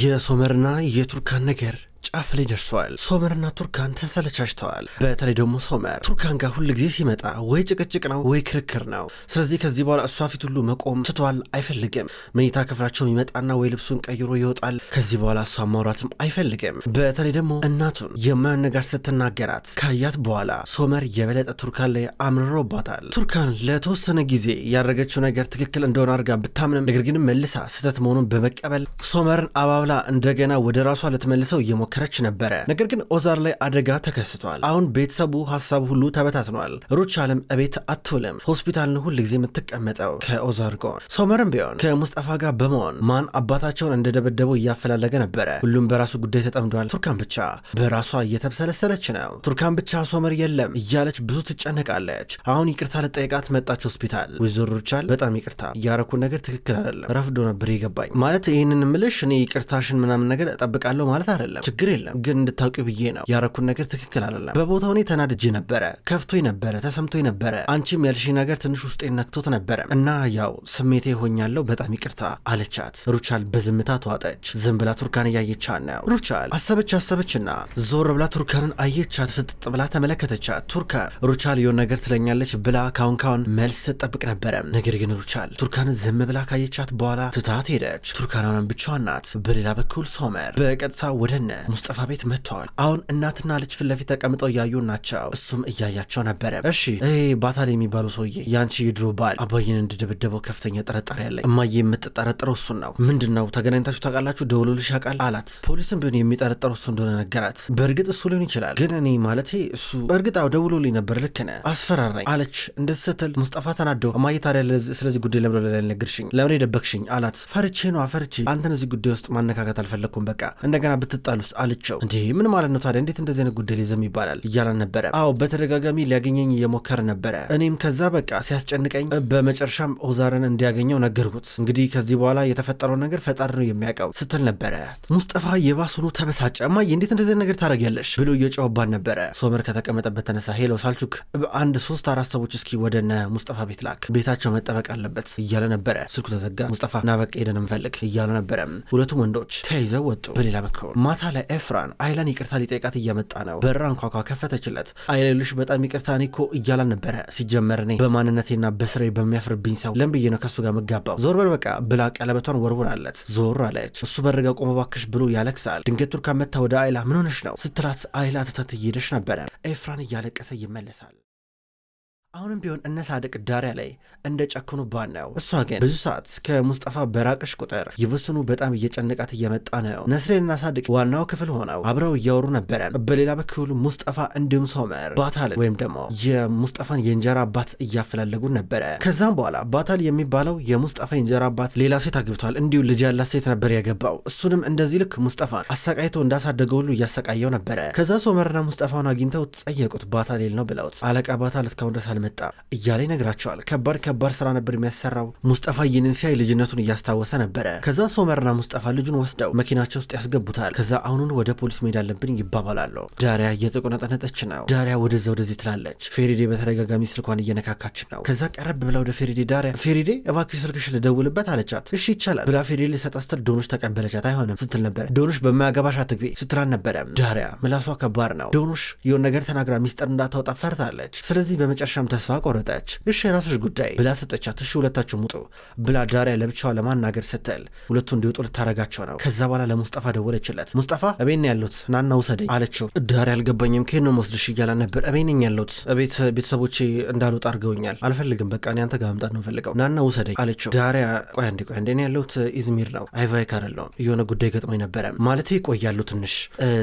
የሶመርና የቱርካን ነገር ጫፍ ላይ ደርሷል። ሶመርና ቱርካን ተሰለቻችተዋል። በተለይ ደግሞ ሶመር ቱርካን ጋር ሁል ጊዜ ሲመጣ ወይ ጭቅጭቅ ነው ወይ ክርክር ነው። ስለዚህ ከዚህ በኋላ እሷ ፊት ሁሉ መቆም ትቷል፣ አይፈልግም። መኝታ ክፍላቸውም ይመጣና ወይ ልብሱን ቀይሮ ይወጣል። ከዚህ በኋላ እሷ ማውራትም አይፈልግም። በተለይ ደግሞ እናቱን የማይሆን ነገር ስትናገራት ካያት በኋላ ሶመር የበለጠ ቱርካን ላይ አምርሮባታል። ቱርካን ለተወሰነ ጊዜ ያደረገችው ነገር ትክክል እንደሆነ አድርጋ ብታምንም ነገር ግን መልሳ ስህተት መሆኑን በመቀበል ሶመርን አባብላ እንደገና ወደ ራሷ ልትመልሰው እየሞከረ እየሞከረች ነበረ። ነገር ግን ኦዛር ላይ አደጋ ተከስቷል። አሁን ቤተሰቡ ሀሳብ ሁሉ ተበታትኗል። ሩች አለም እቤት አትውልም፣ ሆስፒታልን ሁል ጊዜ የምትቀመጠው ከኦዛር ጎን። ሶመርም ቢሆን ከሙስጠፋ ጋር በመሆን ማን አባታቸውን እንደደበደበው እያፈላለገ ነበረ። ሁሉም በራሱ ጉዳይ ተጠምዷል። ቱርካን ብቻ በራሷ እየተብሰለሰለች ነው። ቱርካን ብቻ ሶመር የለም እያለች ብዙ ትጨነቃለች። አሁን ይቅርታ ልጠይቃት መጣች ሆስፒታል። ወይዘሮ ሩቻል በጣም ይቅርታ እያረኩን ነገር ትክክል አይደለም፣ ረፍዶ ነበር የገባኝ ማለት ይህንን ምልሽ እኔ ይቅርታሽን ምናምን ነገር እጠብቃለሁ ማለት አይደለም ችግር የለም፣ ግን እንድታውቂ ብዬ ነው ያረኩን ነገር ትክክል አይደለም። በቦታው እኔ ተናድጄ ነበረ፣ ከፍቶ ነበረ፣ ተሰምቶ ነበረ። አንቺም ያልሽ ነገር ትንሽ ውስጤ ነክቶት ነበረ እና ያው ስሜቴ ሆኛለሁ፣ በጣም ይቅርታ አለቻት። ሩቻል በዝምታ ተዋጠች። ዝም ብላ ቱርካን እያየቻት ነው። ሩቻል አሰበች አሰበችና ዞር ብላ ቱርካንን አየቻት። ፍጥጥ ብላ ተመለከተቻት። ቱርካን ሩቻል የሆነ ነገር ትለኛለች ብላ ካሁን ካሁን መልስ ስጠብቅ ነበረ። ነገር ግን ሩቻል ቱርካን ዝም ብላ ካየቻት በኋላ ትታት ሄደች። ቱርካን አሁንም ብቻዋን ናት። በሌላ በኩል ሶመር በቀጥታ ወደነ ሙስጠፋ ቤት መጥተዋል። አሁን እናትና ልጅ ፊት ለፊት ተቀምጠው እያዩ ናቸው። እሱም እያያቸው ነበረ። እሺ ይሄ ባታል የሚባለው ሰውዬ ያንቺ የድሮ ባል አባዬን እንድደበደበው ከፍተኛ ጥርጣሬ ያለኝ። እማዬ የምትጠረጥረው እሱን ነው። ምንድን ነው ተገናኝታችሁ ታውቃላችሁ? ደውሎልሽ ያውቃል አላት። ፖሊስም ቢሆን የሚጠረጥረው እሱ እንደሆነ ነገራት። በእርግጥ እሱ ሊሆን ይችላል፣ ግን እኔ ማለት እሱ በእርግጥ አዎ ደውሎልኝ ነበር። ልክ ነህ፣ አስፈራራኝ አለች። እንደዚህ ስትል ሙስጠፋ ተናዶ እማዬ ታዲያ ስለዚህ ጉዳይ ለምደ ላልነግርሽኝ ለምን ደበቅሽኝ? አላት። ፈርቼ ነው ፈርቼ አንተን እዚህ ጉዳይ ውስጥ ማነካከት አልፈለግኩም። በቃ እንደገና ብትጣሉስ አለ አለችው። እንዲህ ምን ማለት ነው ታዲያ? እንዴት እንደዚህ አይነት ጉዳይ ሊዘም ይባላል እያላን ነበረ። አዎ በተደጋጋሚ ሊያገኘኝ እየሞከረ ነበረ። እኔም ከዛ በቃ ሲያስጨንቀኝ፣ በመጨረሻም ኦዛርን እንዲያገኘው ነገርኩት። እንግዲህ ከዚህ በኋላ የተፈጠረው ነገር ፈጣሪ ነው የሚያውቀው ስትል ነበረ። ሙስጠፋ የባሱኑ ተበሳጨ። እማዬ እንዴት እንደዚህ ነገር ታደርጊያለሽ ብሎ እየጨወባን ነበረ። ሶመር ከተቀመጠበት ተነሳ። ሄሎ ሳልቹክ፣ አንድ ሶስት አራት ሰዎች እስኪ ወደነ ሙስጠፋ ቤት ላክ፣ ቤታቸው መጠበቅ አለበት እያለ ነበረ። ስልኩ ተዘጋ። ሙስጠፋ ናበቅ ሄደን እንፈልግ እያለ ነበረ። ሁለቱም ወንዶች ተያይዘው ወጡ። በሌላ በኩል ማታ ላይ ኤፍራን አይለን ይቅርታ ሊጠይቃት እየመጣ ነው። በራ እንኳኳ ከፈተችለት። አይለልሽ በጣም ይቅርታ እኔ እኮ እያላን ነበረ። ሲጀመር እኔ በማንነቴና በስሬ በሚያፍርብኝ ሰው ለም ብዬ ነው ከሱ ጋር መጋባው። ዞር በል በቃ ብላ ቀለበቷን ወርውራለት ዞር አለች። እሱ በርጋ ቆመ ባክሽ ብሎ ያለቅሳል። ድንገት ካመታ መታ ወደ አይላ ምን ሆነሽ ነው ስትላት አይላ ትታት እየሄደች ነበረ። ኤፍራን እያለቀሰ ይመለሳል። አሁንም ቢሆን እነ ሳድቅ ዳሪያ ላይ እንደ ጨክኑባት ነው። እሷ ግን ብዙ ሰዓት ከሙስጠፋ በራቅሽ ቁጥር ይብስኑ በጣም እየጨነቃት እየመጣ ነው። ነስሬንና ሳድቅ ዋናው ክፍል ሆነው አብረው እያወሩ ነበረ። በሌላ በኩል ሙስጠፋ እንዲሁም ሶመር ባታል ወይም ደግሞ የሙስጠፋን የእንጀራ አባት እያፈላለጉ ነበረ። ከዛም በኋላ ባታል የሚባለው የሙስጠፋ የእንጀራ አባት ሌላ ሴት አግብቷል። እንዲሁ ልጅ ያላት ሴት ነበር ያገባው። እሱንም እንደዚህ ልክ ሙስጠፋን አሰቃይቶ እንዳሳደገ ሁሉ እያሰቃየው ነበረ። ከዛ ሶመርና ሙስጠፋውን አግኝተው ጠየቁት። ሌል ነው ብለውት አለቃ ባታል እስካሁን ደሳል መጣ እያለ ይነግራቸዋል። ከባድ ከባድ ስራ ነበር የሚያሰራው። ሙስጠፋ ይህንን ሲያይ ልጅነቱን እያስታወሰ ነበረ። ከዛ ሶመርና ሙስጠፋ ልጁን ወስደው መኪናቸው ውስጥ ያስገቡታል። ከዛ አሁኑን ወደ ፖሊስ መሄድ አለብን ይባባላሉ። ዳሪያ እየተቆነጠነጠች ነው። ዳሪያ ወደዛ ወደዚህ ትላለች። ፌሪዴ በተደጋጋሚ ስልኳን እየነካካች ነው። ከዛ ቀረብ ብላ ወደ ፌሪዴ ዳሪያ፣ ፌሪዴ እባክሽ ስልክሽ ልደውልበት አለቻት። እሺ ይቻላል ብላ ፌሪዴ ልሰጣ ስትል ዶኖች ተቀበለቻት። አይሆንም ስትል ነበረ። ዶኖች በማያገባሽ አትግቢ ስትላን ነበረ። ዳሪያ ምላሷ ከባድ ነው። ዶኖች የሆነ ነገር ተናግራ ሚስጥር እንዳታወጣ ፈርታለች። ስለዚህ በመጨረሻም ተስፋ ቆረጠች። እሺ የራስሽ ጉዳይ ብላ ሰጠቻት። እሺ ሁለታችሁም ውጡ ብላ ዳሪያ ለብቻዋ ለማናገር ስትል ሁለቱ እንዲወጡ ልታረጋቸው ነው። ከዛ በኋላ ለሙስጠፋ ደወለችለት። ሙስጠፋ እቤት ነው ያለሁት ናና ውሰደኝ አለችው። ዳሪያ አልገባኝም ከየት ነው መወስድሽ እያላ ነበር። እቤት ነኝ ያለሁት ቤት ቤተሰቦቼ እንዳልወጣ አድርገውኛል። አልፈልግም በቃ እኔ አንተ ጋር መምጣት ነው ፈልገው ናና ውሰደኝ አለችው። ዳሪያ ቆይ አንዴ ቆይ አንዴ እኔ ያለሁት ኢዝሚር ነው አይቫይክ አይደለሁም የሆነ ጉዳይ ገጥሞኝ ነበረ ማለት ቆያለሁ ትንሽ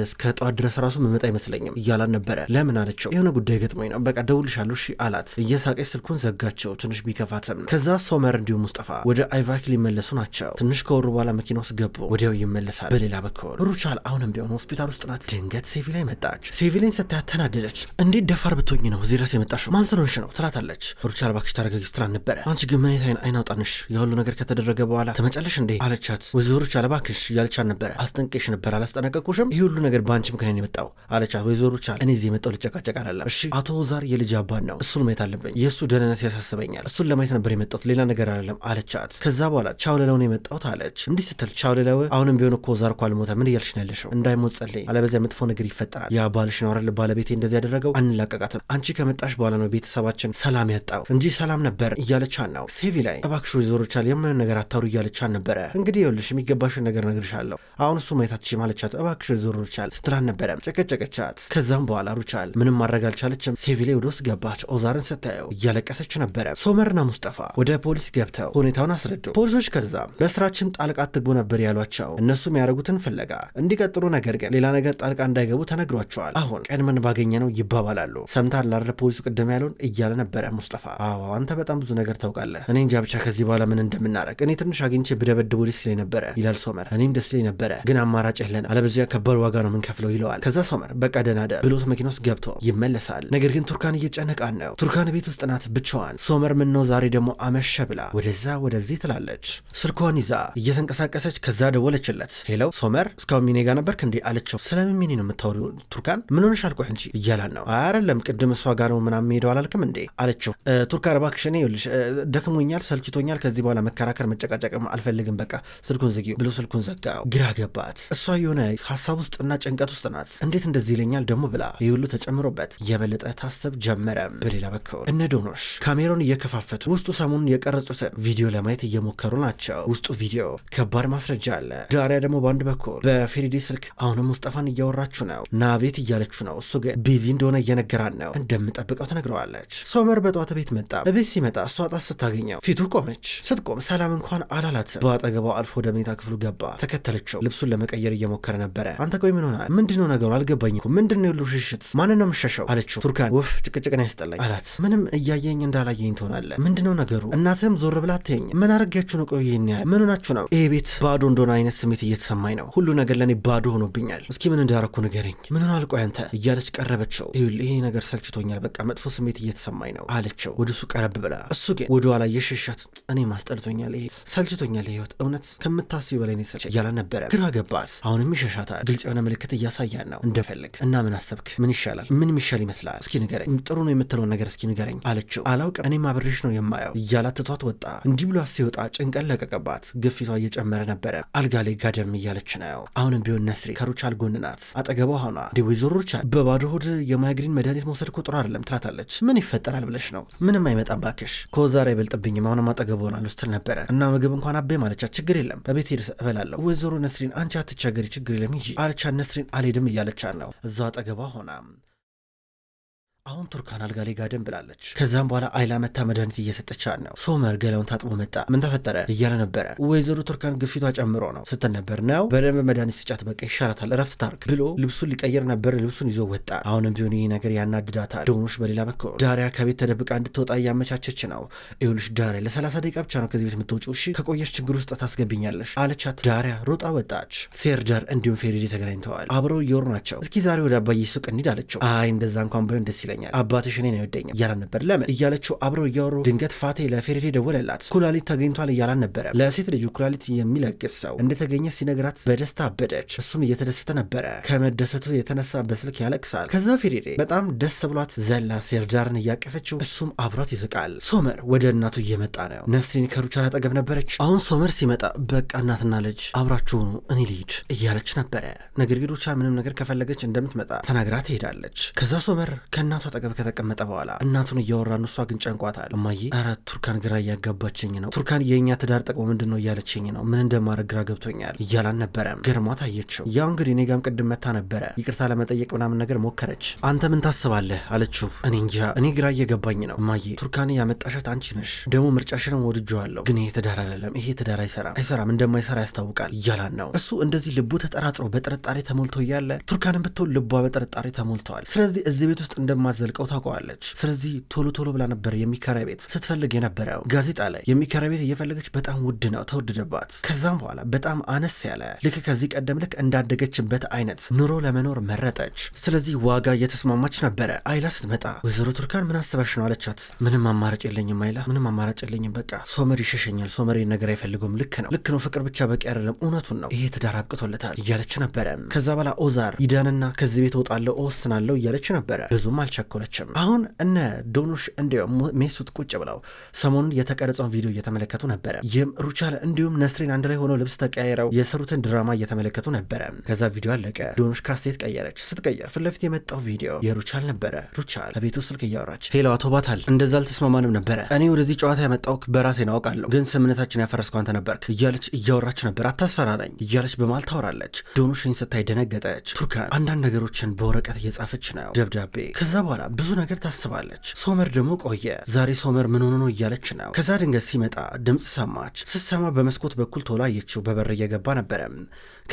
እስከ ጠዋት ድረስ ራሱ መመጣ አይመስለኝም እያላን ነበረ። ለምን አለችው። የሆነ ጉዳይ ገጥሞኝ ነው በቃ ደውልሻለሁ እሺ አላት። አላት። እየሳቀች ስልኩን ዘጋቸው። ትንሽ ቢከፋትም ከዛ ሶመር እንዲሁም ሙስጠፋ ወደ አይቫክ ሊመለሱ ናቸው። ትንሽ ከወሩ በኋላ መኪና ውስጥ ገቡ። ወዲያው ይመለሳል። በሌላ በኩል ሩቻል አሁንም ቢሆን ሆስፒታል ውስጥ ናት። ድንገት ሴቪ ላይ መጣች። ሴቪ ላይ ስታያት ተናደደች። እንዴት ደፋር ብትሆኝ ነው እዚህ ድረስ የመጣሽው? ማን ስለሆንሽ ነው ትላታለች። ሩቻል ባክሽ ታረጋጊ ስትላን ነበረ። አንቺ ግን ምን አይነት አይን አውጣንሽ የሁሉ ነገር ከተደረገ በኋላ ተመጫለሽ እንዴ አለቻት። ወይዘሮ ሩቻል ባክሽ እያለቻት ነበረ። አስጠንቅሽ ነበር አላስጠነቀቅኩሽም? ይህ ሁሉ ነገር በአንቺ ምክንያት የመጣው አለቻት። ወይዘሮ ሩቻል እኔ እዚህ የመጣው ልጨቃጨቅ አይደለም። እሺ አቶ ዛር የልጅ አባት ነው እሱን ማየት አለብኝ። የእሱ ደህንነት ያሳስበኛል። እሱን ለማየት ነበር የመጣሁት ሌላ ነገር አይደለም አለቻት። ከዛ በኋላ ቻው ነው የመጣሁት አለች። እንዲህ ስትል ቻው ልለው አሁንም ቢሆን እኮ ዛርኮ አልሞተም። ምን እያልሽ ነው ያለሽው? እንዳይሞት ጸልይ፣ አለበዚያ መጥፎ ነገር ይፈጠራል። ያ ባልሽ ነው አይደል ባለቤቴ እንደዚህ ያደረገው። አንላቀቃትም። አንቺ ከመጣሽ በኋላ ነው ቤተሰባችን ሰላም ያጣው እንጂ ሰላም ነበር እያለቻን ነው። ሴቪ ላይ እባክሽ ዞሮቻል የማየውን ነገር አታውሩ እያለቻን ነበረ። እንግዲህ ይኸውልሽ የሚገባሽን ነገር ነግርሻለሁ። አሁን እሱ ማየት አትችይም አለቻት። እባክሽ ዞሮቻል ስትላን ነበረ። ጨቀጨቀቻት። ከዛም በኋላ ሩቻል ምንም ማድረግ አልቻለችም። ሴቪ ላይ ወደ ውስጥ ገባች። ኦዛር ሶመርን ስታየው እያለቀሰች ነበረ። ሶመርና ሙስጠፋ ወደ ፖሊስ ገብተው ሁኔታውን አስረዱ። ፖሊሶች ከዛም በስራችን ጣልቃ አትግቡ ነበር ያሏቸው። እነሱም ያደረጉትን ፍለጋ እንዲቀጥሉ፣ ነገር ግን ሌላ ነገር ጣልቃ እንዳይገቡ ተነግሯቸዋል። አሁን ምን ባገኘ ነው ይባባላሉ። ሰምታል ላረ ፖሊሱ ቅድም ያለውን እያለ ነበረ ሙስጠፋ። አዎ አንተ በጣም ብዙ ነገር ታውቃለህ። እኔ እንጃ ብቻ ከዚህ በኋላ ምን እንደምናረግ እኔ ትንሽ አግኝቼ ብደበድቦ ደስ ይለኝ ነበረ ይላል ሶመር። እኔም ደስ ይለኝ ነበረ፣ ግን አማራጭ የለን፣ አለበዚያ ከባድ ዋጋ ነው ምንከፍለው ይለዋል። ከዛ ሶመር በቃ ብሎት መኪና ውስጥ ገብቶ ይመለሳል። ነገር ግን ቱርካን እየጨነቃን ነው ቱርካን ቤት ውስጥ ናት ብቻዋን። ሶመር ምን ነው ዛሬ ደግሞ አመሸ ብላ ወደዛ ወደዚህ ትላለች። ስልኳን ይዛ እየተንቀሳቀሰች ከዛ ደወለችለት። ሄለው ሶመር፣ እስካሁን ሚኔ ጋር ነበርክ እንዴ አለችው። ስለምን ሚኔ ነው የምታወሪው ቱርካን? ምን ሆነሽ አልቆህ እንጂ እያላን ነው። አይደለም ቅድም እሷ ጋር ነው ምናምን ሄደው አላልክም እንዴ አለችው። ቱርካን እባክሽ፣ እኔ ይኸውልሽ ደክሞኛል፣ ሰልችቶኛል፣ ከዚህ በኋላ መከራከር መጨቃጨቅም አልፈልግም፣ በቃ ስልኩን ዝጊው ብሎ ስልኩን ዘጋው። ግራ ገባት። እሷ የሆነ ሀሳብ ውስጥና ጭንቀት ውስጥ ናት። እንዴት እንደዚህ ይለኛል ደግሞ ብላ ይህ ሁሉ ተጨምሮበት የበለጠ ታሰብ ጀመረ። በሌላ ያልተማረከውን እነ ዶኖሽ ካሜራውን እየከፋፈቱ ውስጡ ሰሞኑን የቀረጹትን ቪዲዮ ለማየት እየሞከሩ ናቸው። ውስጡ ቪዲዮ ከባድ ማስረጃ አለ። ዳሪያ ደግሞ በአንድ በኩል በፌሪዲ ስልክ አሁንም ሙስጠፋን እያወራችሁ ነው፣ ና ቤት እያለችሁ ነው። እሱ ግን ቢዚ እንደሆነ እየነገራን ነው። እንደምጠብቀው ትነግረዋለች። ሶመር በጠዋት ቤት መጣ። በቤት ሲመጣ እሷ ጣት ስታገኘው ፊቱ ቆመች። ስትቆም ሰላም እንኳን አላላትም። በአጠገባው አልፎ ወደ መኝታ ክፍሉ ገባ። ተከተለችው። ልብሱን ለመቀየር እየሞከረ ነበረ። አንተ ቆይ ምን ሆናል? ምንድነው ነገሩ? አልገባኝ። ምንድነው የሉ ሽሽት ማንን ነው የምሸሸው? አለችው። ቱርካን ውፍ ጭቅጭቅን ያስጠላኝ አላት። ምንም እያየኝ እንዳላየኝ ትሆናለ። ምንድነው ነገሩ? እናትም ዞር ብላ አትየኝ። ምን አረጋችሁ ነው? ቆይ ይህን ያህል ምን ሆናችሁ ነው? ይሄ ቤት ባዶ እንደሆነ አይነት ስሜት እየተሰማኝ ነው። ሁሉ ነገር ለእኔ ባዶ ሆኖብኛል። እስኪ ምን እንዳረኩ ንገረኝ። ምን ሆናል? ቆይ አንተ እያለች ቀረበችው። ይኸውልህ ይሄ ነገር ሰልችቶኛል፣ በቃ መጥፎ ስሜት እየተሰማኝ ነው አለችው። ወደ እሱ ቀረብ ብላ እሱ ግን ወደ ኋላ የሸሻት። እኔ ማስጠልቶኛል፣ ይሄ ሰልችቶኛል፣ ህይወት እውነት ከምታስቢው በላይ ነው ሰልች እያለ ነበረ። ግራ ገባት። አሁንም ይሸሻታል። ግልጽ የሆነ ምልክት እያሳያን ነው እንደፈልግ እና ምን አሰብክ? ምን ይሻላል? ምን የሚሻል ይመስላል? እስኪ ንገረኝ። ጥሩ ነው የምትለውን ነገር ነገር እስኪ ንገረኝ አለችው። አላውቅም እኔም አብሬሽ ነው የማየው እያላት ትቷት ወጣ። እንዲህ ብሏት ሲወጣ ጭንቀት ለቀቀባት። ግፊቷ እየጨመረ ነበረ። አልጋ ላይ ጋደም እያለች ነው። አሁንም ቢሆን ነስሪ ከሩቻል ጎን ናት። አጠገቧ ሆኗ ዲዊዞር ሩቻል፣ በባዶ ሆድ የማይግሪን መድኃኒት መውሰድ እኮ ጥሩ አይደለም ትላታለች። ምን ይፈጠራል ብለሽ ነው? ምንም አይመጣም ባክሽ፣ ከዛሬ አይበልጥብኝም። አሁንም አጠገብ ሆናለሁ ስትል ነበረ እና ምግብ እንኳን አቤ ማለቻት። ችግር የለም በቤት ሄድ እበላለሁ። ወይዘሮ ነስሪን አንቺ አትቸገሪ፣ ችግር የለም ሂጂ አለቻት። ነስሪን አልሄድም እያለቻት ነው እዛው አጠገቧ ሆና አሁን ቱርካን አልጋ ላይ ጋደም ብላለች። ከዛም በኋላ አይላ መታ መድኃኒት እየሰጠቻት ነው። ሶመር ገላውን ታጥቦ መጣ። ምን ተፈጠረ እያለ ነበረ። ወይዘሮ ቱርካን ግፊቷ ጨምሮ ነው ስትል ነበር። ነው በደንብ መድኃኒት ስጫት፣ በቃ ይሻላታል፣ እረፍት ታርክ ብሎ ልብሱን ሊቀየር ነበር። ልብሱን ይዞ ወጣ። አሁንም ቢሆን ይህ ነገር ያናድዳታል። ዶኖሽ በሌላ በኩል ዳሪያ ከቤት ተደብቃ እንድትወጣ እያመቻቸች ነው። ይኸውልሽ ዳሪያ ለሰላሳ ደቂቃ ብቻ ነው ከዚህ ቤት የምትወጪው፣ እሺ? ከቆየሽ ችግር ውስጥ ታስገብኛለሽ አለቻት። ዳሪያ ሮጣ ወጣች። ሴርዳር እንዲሁም ፌሬዴ ተገናኝተዋል። አብረው እየወሩ ናቸው። እስኪ ዛሬ ወደ አባዬ ሱቅ እንሂድ አለችው። አይ እንደዛ እንኳን ባይሆን ደስ ይለኛል ይወደኛል፣ አባትሽ እኔን አይወደኝም እያላን ነበር። ለምን እያለችው አብረው እያወሩ ድንገት ፋቴ ለፌሬዴ ደወለላት። ኩላሊት ተገኝቷል እያላን ነበረ። ለሴት ልጁ ኩላሊት የሚለግስ ሰው እንደተገኘ ሲነግራት በደስታ አበደች። እሱም እየተደሰተ ነበረ። ከመደሰቱ የተነሳ በስልክ ያለቅሳል። ከዛ ፌሬዴ በጣም ደስ ብሏት ዘላ ሴርዳርን እያቀፈችው እሱም አብሯት ይስቃል። ሶመር ወደ እናቱ እየመጣ ነው። ነስሪን ከሩቻ ያጠገብ ነበረች። አሁን ሶመር ሲመጣ በቃ እናትና ልጅ አብራችሁኑ እኔ ልሂድ እያለች ነበረ። ነገር ግን ሩቻ ምንም ነገር ከፈለገች እንደምትመጣ ተናግራ ትሄዳለች። ከዛ ሶመር ከእናቷ አጠገብ ከተቀመጠ በኋላ እናቱን እያወራ ነው። እሷ ግን ጨንቋታል። እማዬ አረ ቱርካን ግራ እያጋባችኝ ነው። ቱርካን የእኛ ትዳር ጥቅሙ ምንድን ነው እያለችኝ ነው። ምን እንደማድረግ ግራ ገብቶኛል እያላን ነበረም ገርሟት አየችው። ያው እንግዲህ እኔ ጋም ቅድም መታ ነበረ ይቅርታ ለመጠየቅ ምናምን ነገር ሞከረች። አንተ ምን ታስባለህ አለችው። እኔ እንጃ እኔ ግራ እየገባኝ ነው እማዬ። ቱርካን ያመጣሻት አንቺ ነሽ፣ ደግሞ ምርጫሽንም ወድጀዋለሁ። ግን ይሄ ትዳር አይደለም። ይሄ ትዳር አይሰራም አይሰራም እንደማይሰራ ያስታውቃል እያላን ነው። እሱ እንደዚህ ልቡ ተጠራጥሮ በጥርጣሬ ተሞልቶ እያለ ቱርካንም ብትሆን ልቧ በጥርጣሬ ተሞልተዋል። ስለዚህ እዚህ ቤት ውስጥ እንደማ እንደማትዘልቀው ታውቀዋለች። ስለዚህ ቶሎ ቶሎ ብላ ነበር የሚከራይ ቤት ስትፈልግ የነበረው። ጋዜጣ ላይ የሚከራይ ቤት እየፈለገች በጣም ውድ ነው ተወደደባት። ከዛም በኋላ በጣም አነስ ያለ ልክ ከዚህ ቀደም ልክ እንዳደገችበት አይነት ኑሮ ለመኖር መረጠች። ስለዚህ ዋጋ እየተስማማች ነበረ። አይላ ስትመጣ ወይዘሮ ቱርካን ምን አስባሽ ነው አለቻት። ምንም አማራጭ የለኝም አይላ፣ ምንም አማራጭ የለኝም። በቃ ሶመር ይሸሸኛል፣ ሶመር ነገር አይፈልገውም። ልክ ነው ልክ ነው፣ ፍቅር ብቻ በቂ አይደለም፣ እውነቱን ነው፣ ይሄ ትዳር አብቅቶለታል እያለች ነበረ። ከዛ በኋላ ኦዛር ይዳንና ከዚህ ቤት እወጣለሁ እወስናለሁ እያለች ነበረ ብዙም አልቻ አልቸኮለችም። አሁን እነ ዶኑሽ እንዲሁም ሜሱት ቁጭ ብለው ሰሞኑን የተቀረጸውን ቪዲዮ እየተመለከቱ ነበረ። ይህም ሩቻል እንዲሁም ነስሪን አንድ ላይ ሆነው ልብስ ተቀያይረው የሰሩትን ድራማ እየተመለከቱ ነበረ። ከዛ ቪዲዮ አለቀ። ዶኑሽ ካሴት ቀየረች። ስትቀየር ፊት ለፊት የመጣው ቪዲዮ የሩቻል ነበረ። ሩቻል ከቤቱ ስልክ እያወራች ሄሎ፣ አቶ ባታል እንደዛ አልተስማማንም ነበረ። እኔ ወደዚህ ጨዋታ ያመጣው በራሴ ናውቃለሁ፣ ግን ስምነታችን ያፈረስከው አንተ ነበርክ እያለች እያወራች ነበር። አታስፈራራኝ እያለች በማል ታወራለች። ዶኑሽን ስታይ ደነገጠች። ቱርካን አንዳንድ ነገሮችን በወረቀት እየጻፈች ነው ደብዳቤ ከዛ በኋላ ብዙ ነገር ታስባለች። ሶመር ደግሞ ቆየ። ዛሬ ሶመር ምን ሆኖ ነው እያለች ነው። ከዛ ድንገት ሲመጣ ድምፅ ሰማች። ስትሰማ በመስኮት በኩል ቶሎ አየችው። በበር እየገባ ነበረ።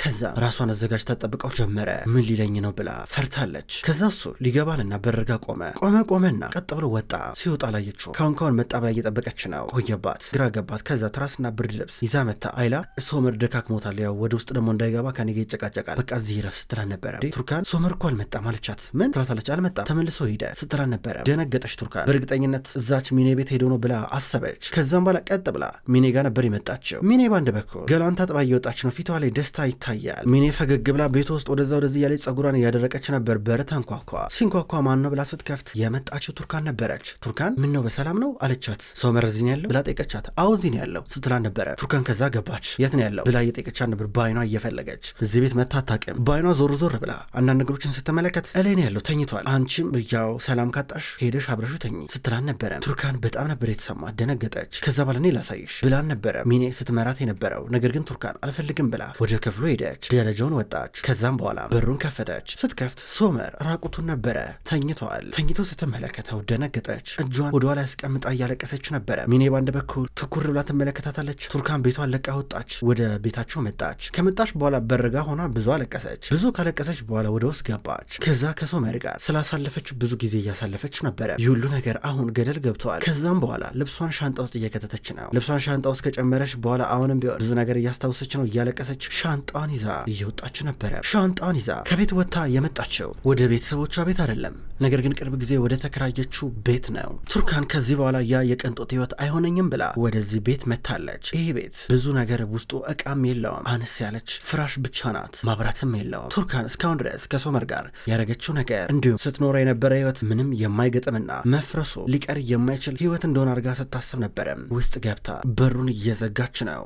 ከዛ ራሷን አዘጋጅ ተጠብቀው ጀመረ። ምን ሊለኝ ነው ብላ ፈርታለች። ከዛ እሱ ሊገባልና በርጋ ቆመ። ቆመ ቆመና ቀጥ ብሎ ወጣ። ሲወጣ ላየችው ካሁን ካሁን መጣ ብላ እየጠበቀች ነው። ቆየባት፣ ግራ ገባት። ከዛ ትራስና ብርድ ልብስ ይዛ መታ። አይላ ሶመር ደካክሞታል፣ ያው ወደ ውስጥ ደግሞ እንዳይገባ ከኔ ጋር ይጨቃጨቃል፣ በቃ እዚህ ረፍ ስትላ ነበረ። ቱርካን ሶመር እኮ አልመጣም አለቻት። ምን ትላታለች? አልመጣም ተመልሶ ሂደ ስትላ ነበረ። ደነገጠች ቱርካን። በእርግጠኝነት እዛች ሚኔ ቤት ሄዶ ነው ብላ አሰበች። ከዛም በኋላ ቀጥ ብላ ሚኔ ጋር ነበር የመጣችው። ሚኔ ባንድ በኩል ገላን ታጥባ እየወጣች ነው። ፊቷ ላይ ደስታ ይታያል። ሚኔ ፈገግ ብላ ቤቷ ውስጥ ወደዛ ወደዚህ እያለች ጸጉሯን እያደረቀች ነበር። በር ተንኳኳ። ሲንኳኳ ማን ነው ብላ ስትከፍት የመጣችው ቱርካን ነበረች። ቱርካን ምን ነው በሰላም ነው አለቻት። ሰው መርዝን ያለው ብላ ጠየቀቻት። አዎ እዚህ ነው ያለው ስትላ ነበረ። ቱርካን ከዛ ገባች። የት ነው ያለው ብላ እየጠየቀቻት ነበር። በአይኗ እየፈለገች እዚህ ቤት መታ አታውቅም። በአይኗ ዞር ዞር ብላ አንዳንድ ነገሮችን ስትመለከት እሌ ነው ያለው ተኝቷል። አንቺም ያው ሰላም ካጣሽ ሄደሽ አብረሹ ተኝ ስትላን ነበረ። ቱርካን በጣም ነበር የተሰማ ደነገጠች። ከዛ በኋላ እኔ ላሳይሽ ብላን ነበረ ሚኔ ስትመራት የነበረው ነገር ግን ቱርካን አልፈልግም ብላ ወደ ክፍሉ ሄደች። ደረጃውን ወጣች። ከዛም በኋላ በሩን ከፈተች። ስትከፍት ሶመር ራቁቱን ነበረ ተኝተዋል። ተኝቶ ስትመለከተው ደነገጠች። እጇን ወደኋላ ያስቀምጣ እያለቀሰች ነበረ። ሚኔ ባንድ በኩል ትኩር ብላ ትመለከታታለች። ቱርካን ቤቷን ለቃ ወጣች። ወደ ቤታቸው መጣች። ከመጣች በኋላ በርጋ ሆና ብዙ አለቀሰች። ብዙ ካለቀሰች በኋላ ወደ ውስጥ ገባች። ከዛ ከሶመር ጋር ስላሳለፈች ብዙ ጊዜ እያሳለፈች ነበረ። ይህ ሁሉ ነገር አሁን ገደል ገብተዋል። ከዛም በኋላ ልብሷን ሻንጣ ውስጥ እየከተተች ነው። ልብሷን ሻንጣ ውስጥ ከጨመረች በኋላ አሁንም ቢሆን ብዙ ነገር እያስታወሰች ነው። እያለቀሰች ሻንጣን ይዛ እየወጣች ነበረ። ሻንጣን ይዛ ከቤት ወጥታ የመጣችው ወደ ቤተሰቦቿ ቤት አይደለም፣ ነገር ግን ቅርብ ጊዜ ወደ ተከራየችው ቤት ነው። ቱርካን ከዚህ በኋላ ያ የቅንጦት ህይወት አይሆነኝም ብላ ወደዚህ ቤት መታለች። ይህ ቤት ብዙ ነገር ውስጡ እቃም የለውም፣ አነስ ያለች ፍራሽ ብቻ ናት፣ ማብራትም የለውም። ቱርካን እስካሁን ድረስ ከሶመር ጋር ያደረገችው ነገር እንዲሁም ስትኖረ የነበረ ህይወት ምንም የማይገጥምና መፍረሶ ሊቀር የማይችል ህይወት እንደሆነ አድርጋ ስታስብ ነበረ ውስጥ ገብታ በሩን እየዘጋች ነው።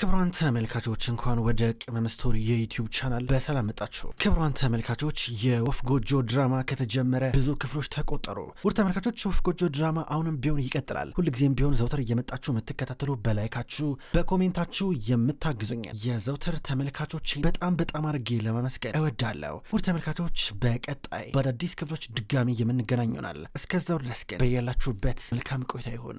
ክብሯን ተመልካቾች እንኳን ወደ ቅመም ስቶሪ የዩቲዩብ ቻናል በሰላም መጣችሁ። ክብሯን ተመልካቾች የወፍ ጎጆ ድራማ ከተጀመረ ብዙ ክፍሎች ተቆጠሩ። ውድ ተመልካቾች የወፍ ጎጆ ድራማ አሁንም ቢሆን ይቀጥላል። ሁልጊዜም ቢሆን ዘውትር እየመጣችሁ የምትከታተሉ በላይካችሁ፣ በኮሜንታችሁ የምታግዙኝ የዘውትር ተመልካቾች በጣም በጣም አድርጌ ለማመስገን እወዳለሁ። ውድ ተመልካቾች በቀጣይ በአዳዲስ ክፍሎች ድጋሚ የምንገናኙናል። እስከዛው ድረስ ግን በያላችሁበት መልካም ቆይታ ይሁን።